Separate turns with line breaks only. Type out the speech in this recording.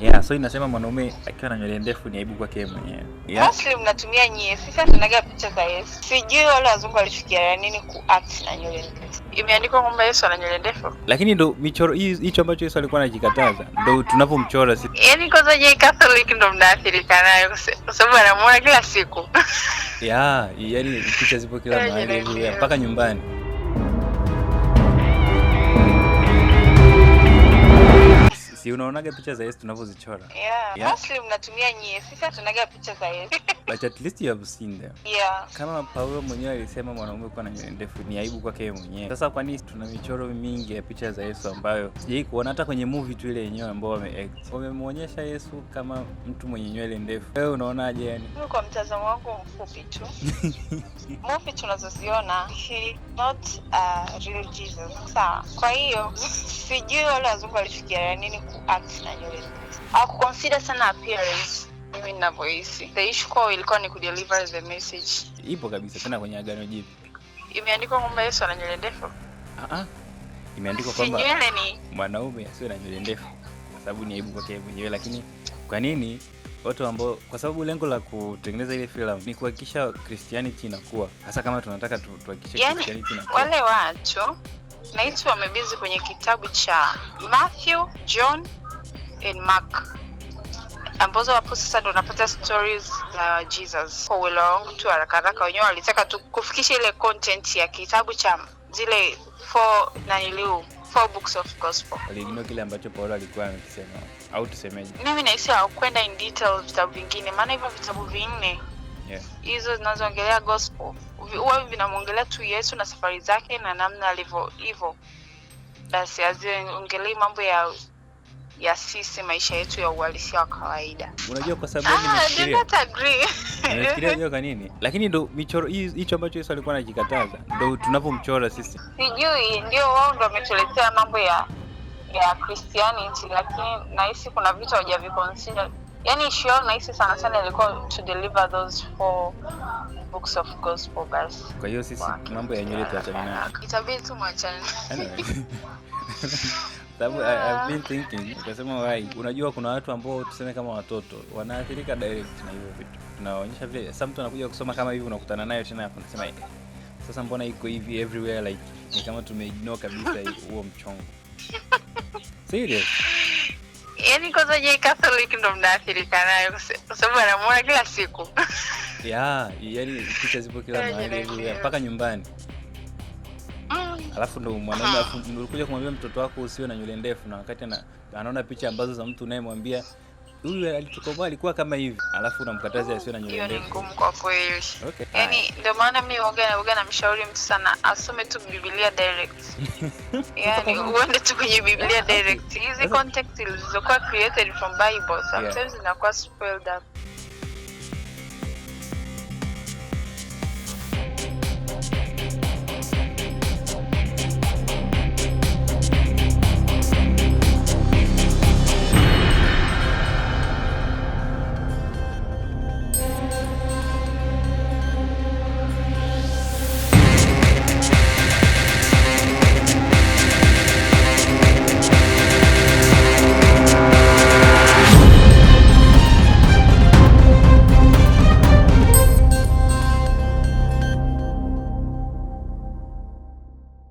Yeah, so inasema mwanaume akiwa na nywele ndefu ni aibu kwake mwenyewe.
Yeah. Mostly mnatumia nyie. Sisi tunaga picha za Yesu. Sijui wale wazungu walifikiria nini kuact na nywele ndefu. Imeandikwa kwamba Yesu ana nywele ndefu.
Lakini ndo michoro hicho ambacho Yesu alikuwa anajikataza ndo tunapomchora sisi.
Yaani kwanza je, Catholic ndo mnaathirika nayo kwa sababu anamuona kila siku.
Yeah, yaani picha zipo kila mahali mpaka nyumbani. si unaonaga picha za Yesu tunavyozichora?
Yeah. Yeah. Mostly mnatumia nyie, sisi hatunaga picha za Yesu.
But at least you have seen them. Yeah. Kama Paulo mwenyewe alisema mwanaume kuwa na nywele ndefu ni aibu kwake yeye mwenyewe. Sasa kwa nini tuna michoro mingi ya picha za Yesu ambayo sijai kuona hata kwenye movie tu ile yenyewe ambao wameact. Wamemwonyesha Yesu kama mtu mwenye nywele ndefu. Wewe unaonaje yani?
Kwa mtazamo wangu mfupi tu. Movie tunazoziona he not a uh, real Jesus. Sawa. Kwa hiyo sijui wale wazungu walifikiria nini kuact na nywele. Hakuconsider sana appearance mimi ninavyohisi. The issue kwao ilikuwa ni kudeliver the message.
Ipo kabisa tena kwenye Agano jipi
Imeandikwa kwamba Yesu ana nywele ndefu?
uh ah. Imeandikwa kwamba ni mwanaume asiwe na nywele ndefu kwa sababu ni aibu kwake mwenyewe, lakini kwa nini watu ambao, kwa sababu lengo la kutengeneza ile filamu ni kuhakikisha Christianity inakuwa, hasa kama tunataka tuhakikishe yani,
Wale watu Naitwa wamebizi kwenye kitabu cha Matthew, John and Mark ambazo hapo sasa ndo napata stories za Jesus. Kwa uelewa wangu tu haraka haraka, wenyewe walitaka tu kufikisha ile content ya kitabu cha zile four naniliu four books of gospel.
Waliignore kile ambacho Paulo alikuwa amekisema au tusemeje?
Mimi nahisi hawakwenda in detail vitabu vingine, maana hivyo vitabu vinne hizo yeah, zinazoongelea gospel huwa vinamwongelea tu Yesu na safari zake na namna alivyo hivyo, basi aziongelei mambo ya ya sisi maisha yetu ya uhalisia wa kawaida.
Unajua kwa sababu ah, nimefikiria kwa nini, lakini ndo michoro hicho ambacho Yesu alikuwa anajikataza ndo tunapomchora sisi.
Sijui ndio wao ndo wametuletea mambo ya ya Christianity, lakini nahisi kuna vitu hawajaviconsider yani ishu na hisi sana sana ilikuwa to deliver those four books of gospel guys
Kwa hiyo sisi mambo ya nywele tuachane nayo,
itabidi tu mwachane
sababu yeah. I've been thinking, ukasema why. Unajua kuna watu ambao tuseme kama watoto wanaathirika direct na hivyo vitu tunaonyesha vile. Sasa mtu anakuja kusoma kama hivi, unakutana nayo tena hapo, unasema eh, sasa, mbona iko hivi everywhere, like ni kama tumeignore kabisa huo mchongo serious
yani kwanza je Catholic ndo mnaathirika nayo kwa sababu anamuona kila siku
ya yani picha zipo kila mahali mpaka nyumbani mm. Alafu ndo mwanaume Alafu ulikuja kumwambia mtoto wako usiwe na nywele ndefu, na wakati anaona picha ambazo za mtu unayemwambia huyu alichokomaa alikuwa kama hivi, alafu unamkataza asiwe na nywele ndefu. Ni ngumu kwa kweli.
Okay. Yaani ndio maana mimi waga waga namshauri mtu sana asome tu Biblia direct. Yaani uende tu kwenye Biblia direct. Hizi context zilizokuwa created from Bible sometimes zinakuwa spoiled up.